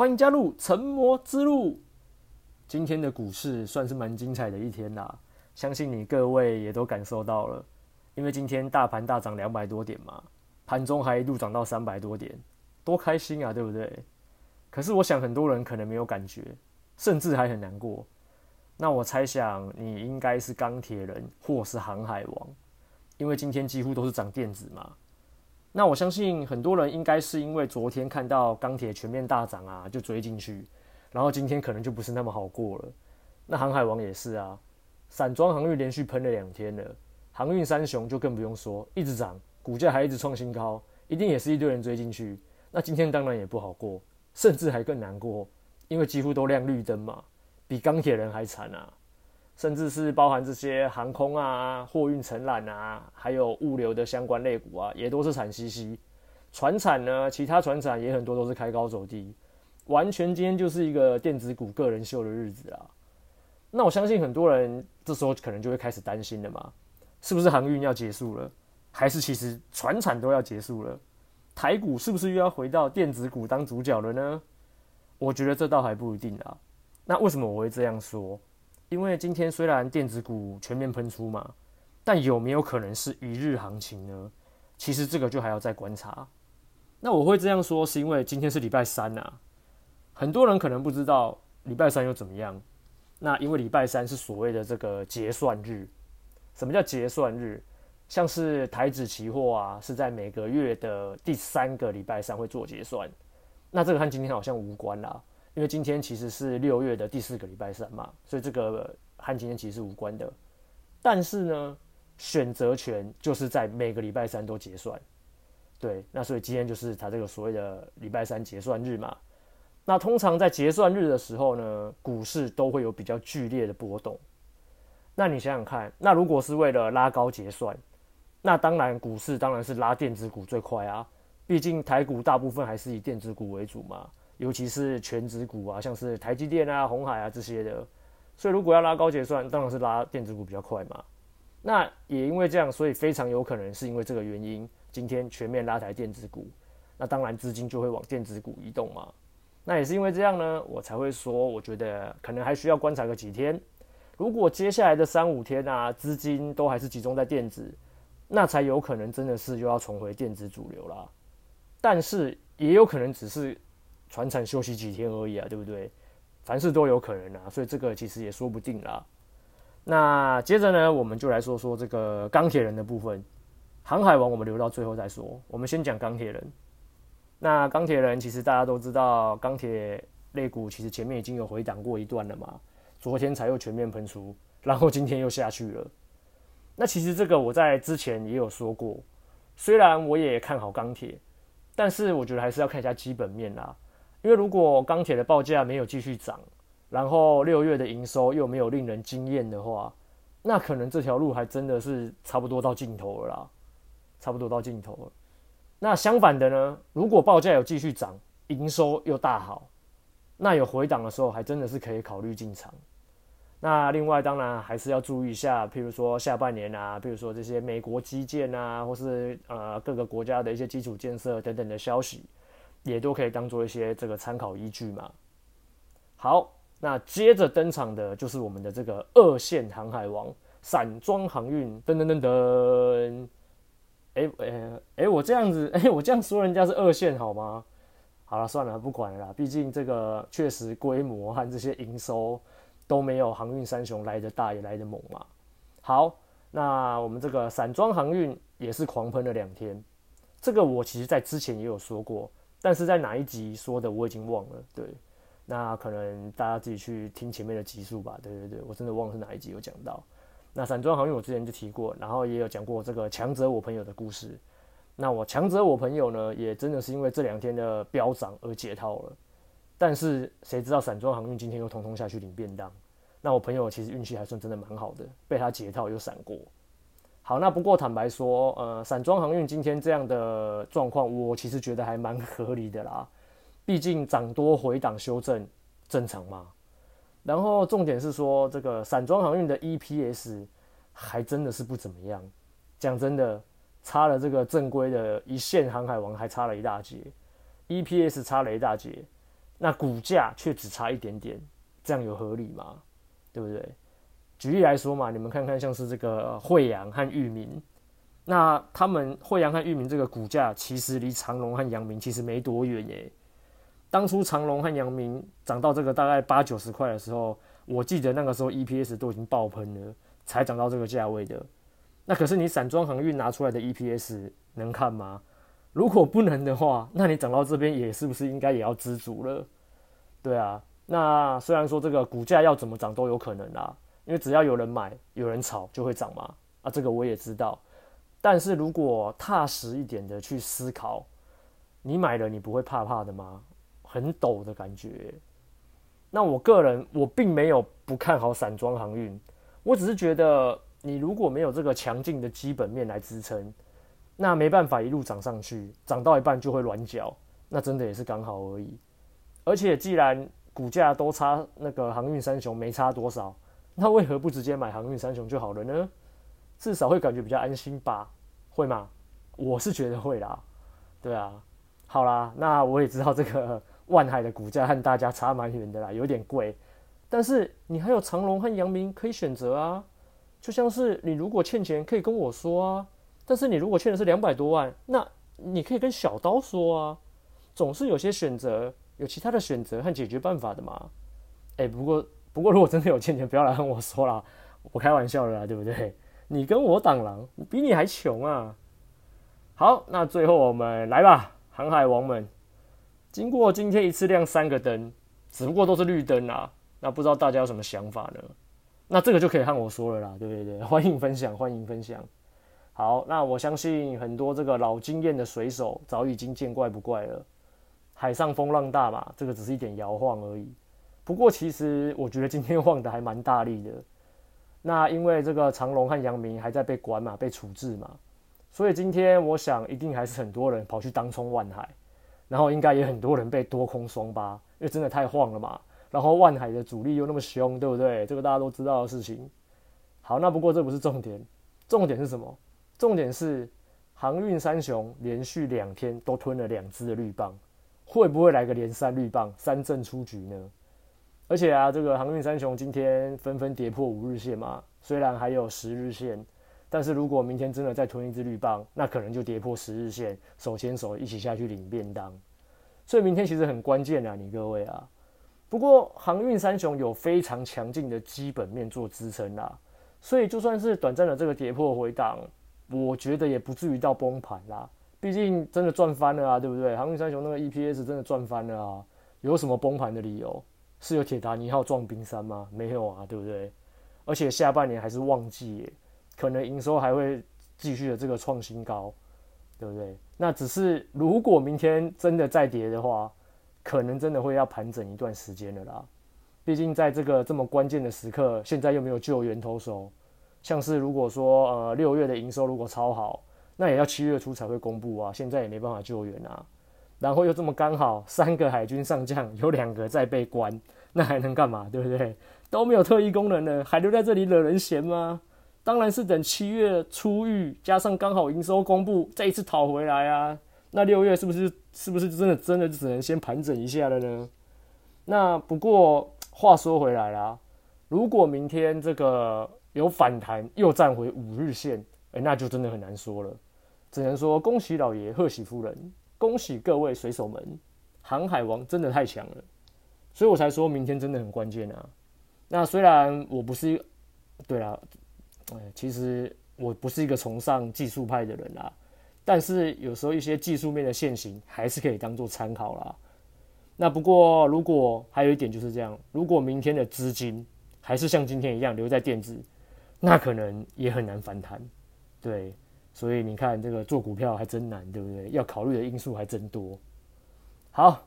歡迎加入成魔之路。今天的股市算是蠻精彩的一天啦、啊，相信你各位也都感受到了，因為今天大盤大漲兩百多點嘛，盤中還一路漲到三百多點，多開心啊，對不對？可是我想很多人可能沒有感覺，甚至還很難過。那我猜想你應該是鋼鐵人或是航海王，因為今天幾乎都是漲電子嘛。那我相信很多人應該是因為昨天看到鋼鐵全面大漲啊，就追進去，然後今天可能就不是那麼好過了。那航海王也是啊，散裝航運連續噴了兩天了，航運三雄就更不用說，一直漲，股價還一直創新高，一定也是一堆人追進去。那今天當然也不好過，甚至還更難過，因為幾乎都亮綠燈嘛，比鋼鐵人還慘啊。甚至是包含這些航空啊、貨運承攬啊，還有物流的相關類股啊，也都是慘兮兮。傳產呢，其他傳產也很多都是開高走低，完全今天就是一個電子股個人秀的日子啊。那我相信很多人這時候可能就會開始擔心了嘛，是不是航運要結束了，還是其實傳產都要結束了？台股是不是又要回到電子股當主角了呢？我覺得這倒還不一定啊。那為什麼我會這樣說？因為今天雖然電子股全面噴出嘛，但有沒有可能是一日行情呢？其實這個就還要再觀察。那我會這樣說，是因為今天是禮拜三啊。很多人可能不知道禮拜三又怎麼樣？那因為禮拜三是所謂的這個結算日。什麼叫結算日？像是台指期貨啊，是在每個月的第三個禮拜三會做結算。那這個和今天好像無關啦。因為今天其實是六月的第四個禮拜三嘛，所以這個和今天其實無關的。但是呢，選擇權就是在每個禮拜三都結算。對，那所以今天就是他這個所謂的禮拜三結算日嘛。那通常在結算日的時候呢，股市都會有比較劇烈的波動。那你想想看，那如果是為了拉高結算，那當然股市當然是拉電子股最快啊，畢竟台股大部分還是以電子股為主嘛。尤其是權值股啊，像是台積電啊、鴻海啊這些的，所以如果要拉高結算，當然是拉電子股比較快嘛。那也因為這樣，所以非常有可能是因為這個原因，今天全面拉抬電子股。那當然資金就會往電子股移動嘛。那也是因為這樣呢，我才會說，我覺得可能還需要觀察個幾天。如果接下來的三五天啊，資金都還是集中在電子，那才有可能真的是又要重回電子主流啦。但是也有可能只是。船廠休息幾天而已啊，對不對？凡事都有可能啊，所以這個其實也說不定啦。那接着呢，我們就來說說這個鋼鐵人的部分。航海王我們留到最後再說，我們先講鋼鐵人。那鋼鐵人其實大家都知道，鋼鐵類股其實前面已經有回檔過一段了嘛，昨天才又全面噴出，然後今天又下去了。那其實這個我在之前也有說過，雖然我也看好鋼鐵，但是我覺得還是要看一下基本面啦。因為如果鋼鐵的報價沒有繼續漲，然後六月的營收又沒有令人驚艷的話，那可能這條路還真的是差不多到盡頭了啦，差不多到盡頭了。那相反的呢，如果報價有繼續漲，營收又大好，那有回檔的時候，還真的是可以考慮進場。那另外當然還是要注意一下，譬如說下半年啊，譬如說這些美國基建啊，或是呃各個國家的一些基礎建設等等的消息，也都可以當做一些這個參考依據嘛。好，那接着登場的就是我們的這個二線航海王散裝航運，噔噔噔噔。哎哎哎，我這樣子，哎、欸，我這樣說人家是二線好嗎？好了，算了，不管了啦，畢竟這個確實規模和這些營收都沒有航運三雄來得大也來得猛嘛。好，那我們這個散裝航運也是狂噴了兩天，這個我其實在之前也有說過。但是在哪一集說的我已經忘了，對，那可能大家自己去聽前面的集數吧。對對對，我真的忘了是哪一集有講到。那散裝航運我之前就提過，然後也有講過這個強者我朋友的故事。那我強者我朋友呢，也真的是因為這兩天的飆漲而解套了。但是誰知道散裝航運今天又通通下去領便當。那我朋友其實運氣還算真的蠻好的，被他解套又閃過。好，那不過坦白說，呃，散裝航運今天這樣的狀況，我其實覺得還蠻合理的啦，畢竟漲多回檔修正正常嘛。然後重點是說，這個散裝航運的 EPS 還真的是不怎麼樣，講真的，差了這個正規的一線航海王還差了一大截，EPS 差了一大截，那股價卻只差一點點，這樣有合理嗎？對不對？舉例來說嘛，你們看看像是這個惠陽和裕民，那他們惠陽和裕民這個股價其實離長榮和陽明其實沒多遠耶。當初長榮和陽明漲到這個大概八九十塊的時候，我記得那個時候 EPS 都已經爆棚了，才漲到這個價位的。那可是你散裝航運拿出來的 EPS 能看嗎？如果不能的話，那你漲到這邊也是不是應該也要知足了？對啊，那雖然說這個股價要怎麼漲都有可能啦。因為只要有人買、有人炒，就會漲嘛。啊，這個我也知道。但是如果踏實一點的去思考，你買了，你不會怕怕的嗎？很抖的感覺。那我個人，我並沒有不看好散裝航運，我只是覺得你如果沒有這個強勁的基本面來支撐，那沒辦法一路漲上去，漲到一半就會軟腳，那真的也是剛好而已。而且既然股價都差，那個航運三雄沒差多少。他為何不直接買航運三雄就好了呢？至少會感覺比較安心吧？會嗎？我是覺得會啦。對啊，好啦，那我也知道這個萬海的股價和大家差蠻遠的啦，有點貴。但是你還有長榮和陽明可以選擇啊。就像是你如果欠錢，可以跟我說啊。但是你如果欠的是兩百多萬，那你可以跟小刀說啊。總是有些選擇，有其他的選擇和解決辦法的嘛。誒，不過。不過，如果真的有欠錢，不要來跟我說啦，我開玩笑的啦，對不對？你跟我擋狼，我比你還窮啊！好，那最後我們來吧，航海王們。經過今天一次亮三個燈，只不過都是綠燈啦。那不知道大家有什麼想法呢？那這個就可以和我說了啦，對不對？歡迎分享，歡迎分享。好，那我相信很多這個老經驗的水手早已經見怪不怪了。海上風浪大嘛，這個只是一點搖晃而已。不過，其實我覺得今天晃得還蠻大力的。那因為這個長榮和陽明還在被管嘛，被處置嘛，所以今天我想一定還是很多人跑去當沖萬海，然後應該也很多人被多空雙巴，因為真的太晃了嘛。然後萬海的主力又那麼凶，對不對？這個大家都知道的事情。好，那不過這不是重點，重點是什麼？重點是航運三雄連續兩天都吞了兩隻的綠棒，會不會來個連三綠棒，三振出局呢？而且啊，這個航運三雄今天紛紛跌破五日線嘛，雖然還有十日線，但是如果明天真的再吞一支綠棒，那可能就跌破十日線，手牽手一起下去領便當。所以明天其實很關鍵啊，你各位啊。不過航運三雄有非常強勁的基本面做支撐啊，所以就算是短暫的這個跌破回檔，我覺得也不至於到崩盤啦。畢竟真的賺翻了啊，對不對？航運三雄那個 EPS 真的賺翻了啊，有什麼崩盤的理由？是有鐵達尼號撞冰山嗎？沒有啊，對不對？而且下半年還是旺季，可能營收還會繼續的這個創新高，對不對？那只是如果明天真的再跌的話，可能真的會要盤整一段時間的啦。畢竟在這個這麼關鍵的時刻，現在又沒有救援投手，像是如果說呃六月的營收如果超好，那也要七月初才會公布啊，現在也沒辦法救援啊。然後又這麼剛好，三個海軍上將有兩個在被關，那還能幹嘛？對不對？都沒有特異功能呢，還留在這裡惹人嫌嗎？當然是等七月初遇，加上剛好營收公布，再一次討回來啊！那六月是不是是不是真的真的只能先盤整一下了呢？那不過話說回來啦，如果明天這個有反彈，又站回五日線，欸、那就真的很難說了，只能說恭喜老爺，賀喜夫人。恭喜各位水手們，航海王真的太強了，所以我才說明天真的很關鍵啊。那雖然我不是，對啦，呃，其實我不是一個崇尚技術派的人啦，但是有時候一些技術面的現行還是可以當做參考啦。那不過如果還有一點就是這樣，如果明天的資金還是像今天一樣留在電子，那可能也很難反彈，對。所以你看，這個做股票還真難，對不對？要考慮的因素還真多。好，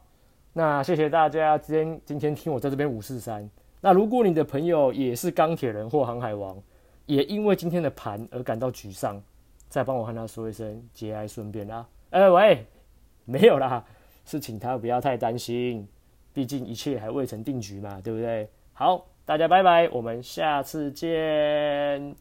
那謝謝大家今天今天聽我在這邊五四三。那如果你的朋友也是鋼鐵人或航海王，也因為今天的盤而感到沮喪，再幫我和他說一聲節哀順變啦。哎、欸、喂，沒有啦，是請他不要太擔心，畢竟一切還未成定局嘛，對不對？好，大家拜拜，我們下次見。